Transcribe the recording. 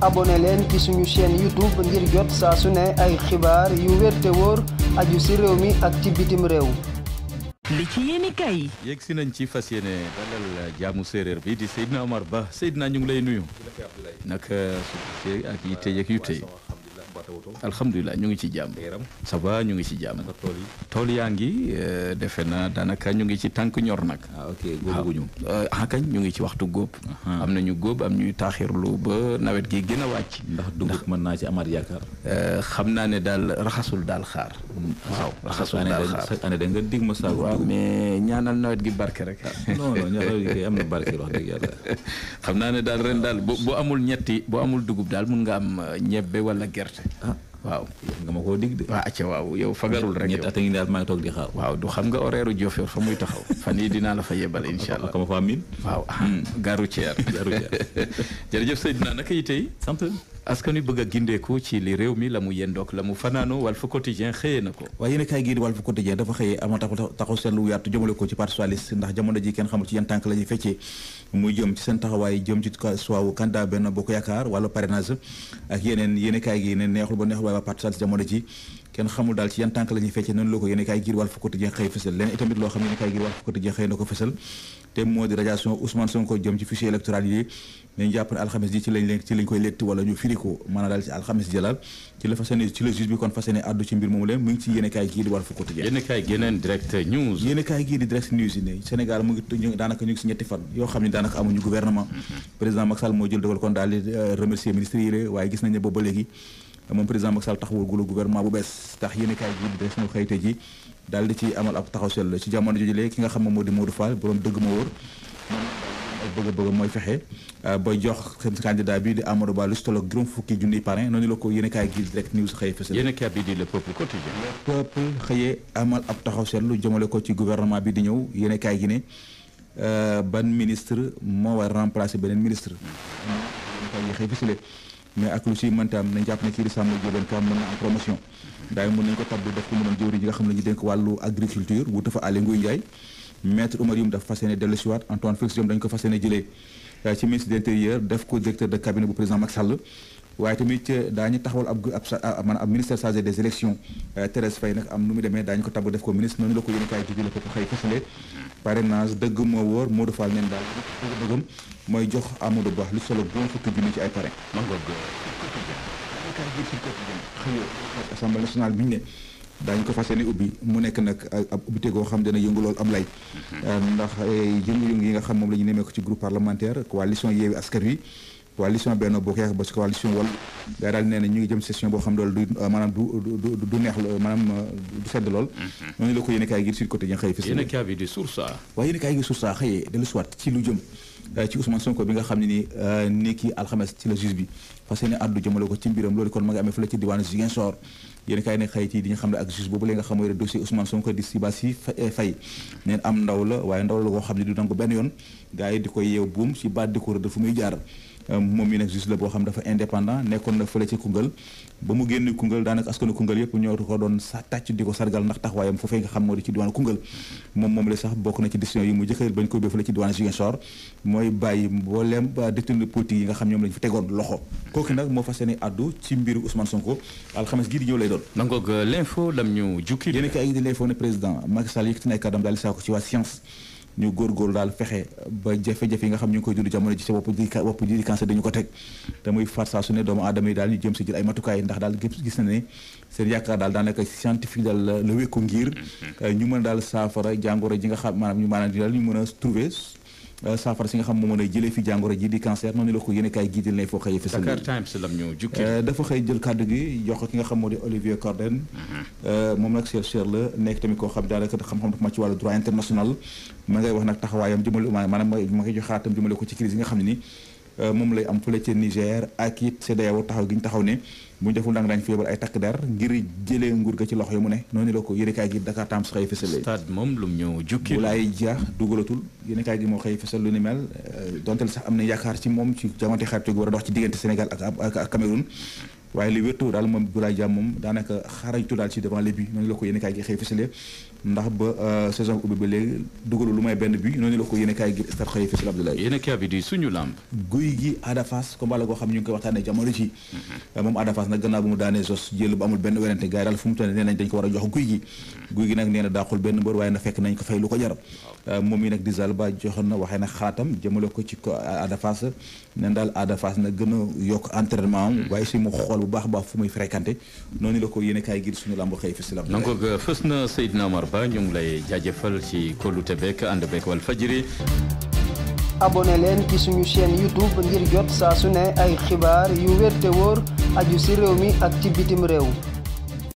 abonné leen ci suñu chaîne YouTube ngir jot saa su ne ay xibaar yu wér te wóor aju ci réew mi ak ci bitim réew. li ci yéeni kay. yegg si nañ ci fas yéene dalal jaamu séeréer bi di Seydina Omar Ba Seydina ñu ngi lay nuyu. naka su ak yi tey ak yu tey. alhamdulilah ñu ngi ci jàmm ça va ñu ngi ci jàmm tool yaa ngi euh, defe na daanaka ñu ngi ci tànk ñor nag ah, ah, euh, ah ñu ngi ci waxtu góob am nañu góob am ñuy taaxirlu ba nawet gi gën a wàcc ndax dugub mën naa ci amaat yaakaar euh, xam naa ne daal raxasul daal xaar hmm. waaw ah, raxasul daal xaar da nga dig ma saagu waaw mais ñaanal nawet gi barke rek non xam naa ne daal ren daal boo amul ñetti boo amul dugub daal mun nga am ñebbe walla gerte ah waaw nga ma koo dig de waaw acca waaw yow fagarul rek ñetti at a ngi daal maa ngi toog di xaar waaw du xam nga horaire u Diofior fa muy taxaw fan yii dinaa la fa yebal incha allah kama fa min waaw ah, hmm. a gindeeku ci li réew mi la mu yendook la mu fanaano Walf Quotidien xëyee na ko waaye yéen a kaay gii di Walf Quotidien dafa xëyee amal ji kenn xamul ci yan tànk la ñuy feccee muy jëm ci seen taxawaay jëm ci suwaawu candidat benn bokk yaakaar a kaay ne neexul ba neexul waaye waa parti jamono ji kenn xamul daal ci yan tànk la ñuy feccee loo ko yéen kaay giir wàll fu quotidien xëy fësal leneen itamit loo xam ne yéen kaay giir di direct news yi ne Sénégal mu ngi daanaka ñu ngi ñetti fan yoo xam ne daanaka amuñu gouvernement mm-hmm. président Macky Sall jël dogal kon daal di euh, ministre yi waaye gis nañ ne booba léegi moom président Macky Sall taxawul gulu gouvernement bu bees tax yéen kaay gi di suñu xëyte ji daal di ci amal ab taxaw seetlu moo di Modou Fall borom dëgg bëgg mooy fexe euh, ba jox seen candidat bi di Amadou Ba lu si tolloog juróom fukki junniy parrain noonu la ko yéen kaay gi direct news xëyee fësal yéen kaay bi di le peuple ko ci gouvernement bi di ñëw yéen kaay gi ne euh, ban ministre moo war remplacer beneen ministre. xëy fësale mais ak lu si mëntaam nañ jàpp ne kii di Samba Ndiobène Ka mën na am promotion daayi mën nañ ko tabb def ko mu doon jëwriñ nga xam ne ñu dénk wàllu agriculture wu dafa Aly Ngouille Ndiaye maître Oumar Youm dafa fas yéene dellu si waat Antoine Félix dañ ko fas yéene jëlee euh, ci ministre de l'intérieur ko directeur de cabinet bu président Macky Sall waaye tamit euh, daañu taxawal ab ab maanaam ab ministère chargé des élections euh, Thérèse Faye nag am nu mu demee daañu ko tabb def ko ministre noonu la ko yéen kaay gi la ko xëy fësale parrainage dëgg moo wóor Modou Fall neen daal mooy jox Amadou Ba lu solo bon fukki junni ci ay parrain assemblée nationale bi ñu ne daañu ko fas yéene ubbi mu nekk nag ab ubbite goo xam dana yëngu lool am lay euh, ndax yëngu-yëngu yi nga xam moom la ñu nemee ko ci groupe parlementaire coalition Yewwi Askan Wi coalition Benno Bokk Yaakaar ba ci coalition Wallu gaa daal nee na ñu ngi jëm session boo xam ne loolu du euh, maanaam du du neex maanaam euh, du sedd lool mhm. noonu la ko yéen a kaay gi sur côté yi nga fis yéen a kaay bi di source waaw yéen gi source xëyee dellu si waat ci lu jëm euh, ci Ousmane Sonko bi nga xam ne ni ni ki alxames ci la juge bi fas yéene àddu jëmale ko ci mbiram loolu kon eh, waaye ndaw la koo xam ne du yoon gars ko yeew buum muy jaar euh, moom mi nag juge boo xam dafa indépendant nekkoon na fële ci Koungheul ba mu génn Koungheul daanaka askanu Koungheul yëpp ñoo ko doon sa tàcc di ko sargal nga xam moo di moom la sax bokk na ci décision yi mu jëkkëral bañ ko bee fële ci diwaanu mooy bàyyi mboolem euh, détenu politique yi nga xam ñoom lañ fa tegoon loxo kooku nag moo fas yéene addu ci mbiru Ousmane Sonko alxames gii di ñëw lay doon. donc l'info lam ñu jukki. yéen a ngi di l'info ne président Macky Sall yëkkati na ay kàddam daal di saako ci waa science. ñu góorgóorlu daal ba jafe-jafe yi nga xam koy dund jamono ji sa wopp di wopp di cancer ko teg te muy far saa su ne doomu aadama yi daal ñu jëm si jël ay matukaay ndax daal gis na ne seen yaakaar daal daanaka scientifique daal la wékku ngir mm-hmm. ñu mën a daal saafara jàngoro ji nga xam maanaam ñu maanaam di daal ñu mën a trouver Euh, saafara si nga xam moo mën a jëlee fi jàngoro ji di cancer noonu la ko yéen kaay gii di lay foo xëy fësal euh, dafa xëy jël kàddu gi jox ki nga xam moo di Olivier Corden mhm. euh, moom nag chercheur la nekk tamit koo xam daanaka xam-xam dafa ma ci wàllu droit international ma ngay wax nag taxawaayam jëmale maanaam ma ngay jox xaatam ko ci crise yi nga xam ne ni Euh, moom lay am fële ca Niger ak it CEDEAO taxaw gi ñu taxaw ne mu ñu deful ndànk dañ fi ay takk der ngir jële nguur ga ci loxo yi mu ne noonu la ko yéenekaay gi Dakar moom lu mu ñëw jukki Boulaye Dia dugalatul gi moo xëy fësal lu ni mel euh, dontel sax am na yaakaar ci moom ci jamante xarite gu war a dox ci diggante Sénégal ak ak Cameroun waaye li wértu daal moom Boulaye Dia moom daanaka xarañtu daal ci devant les noonu la ko yéenekaay gi xëy fësale ndax ba euh, saison ubbi ba léegi dugalu lu may benn bi noonu la ko yéen a kaay gi Stade xëy Fatou Abdoulaye. yéen a kaay bi di suñu lamb. guy gi la goo xam ñu ngi koy waxtaanee jamono ji. Mm-hmm. moom Ada Fass nag gannaaw mu daanee sos jël bu amul benn werante gars yi daal fu mu toll a jox guy gi. Mm-hmm. guy gi na daaxul benn mbër waaye na fekk nañ ko fay lu ko jar. Euh, moom yi nag di Zalba joxoon na waxee nag xalaatam jëmale ko ci ko Ada daal Ada Fass nag gën a yokk entraînement am. Mm-hmm. waaye mu xool bu baax baax fu muy fréquenté noonu la ko yéen a kaay gi suñu lamb xëy Fatou Abdoulaye euh, ba ñu ngi lay jaajëfal ci kóolute beeg ànd beeg Walfadjri abonné leen ci suñu chaîne youtube ngir jot saa su ne ay xibaar yu wér woor wóor aju ci réew mi ak ci bitim réew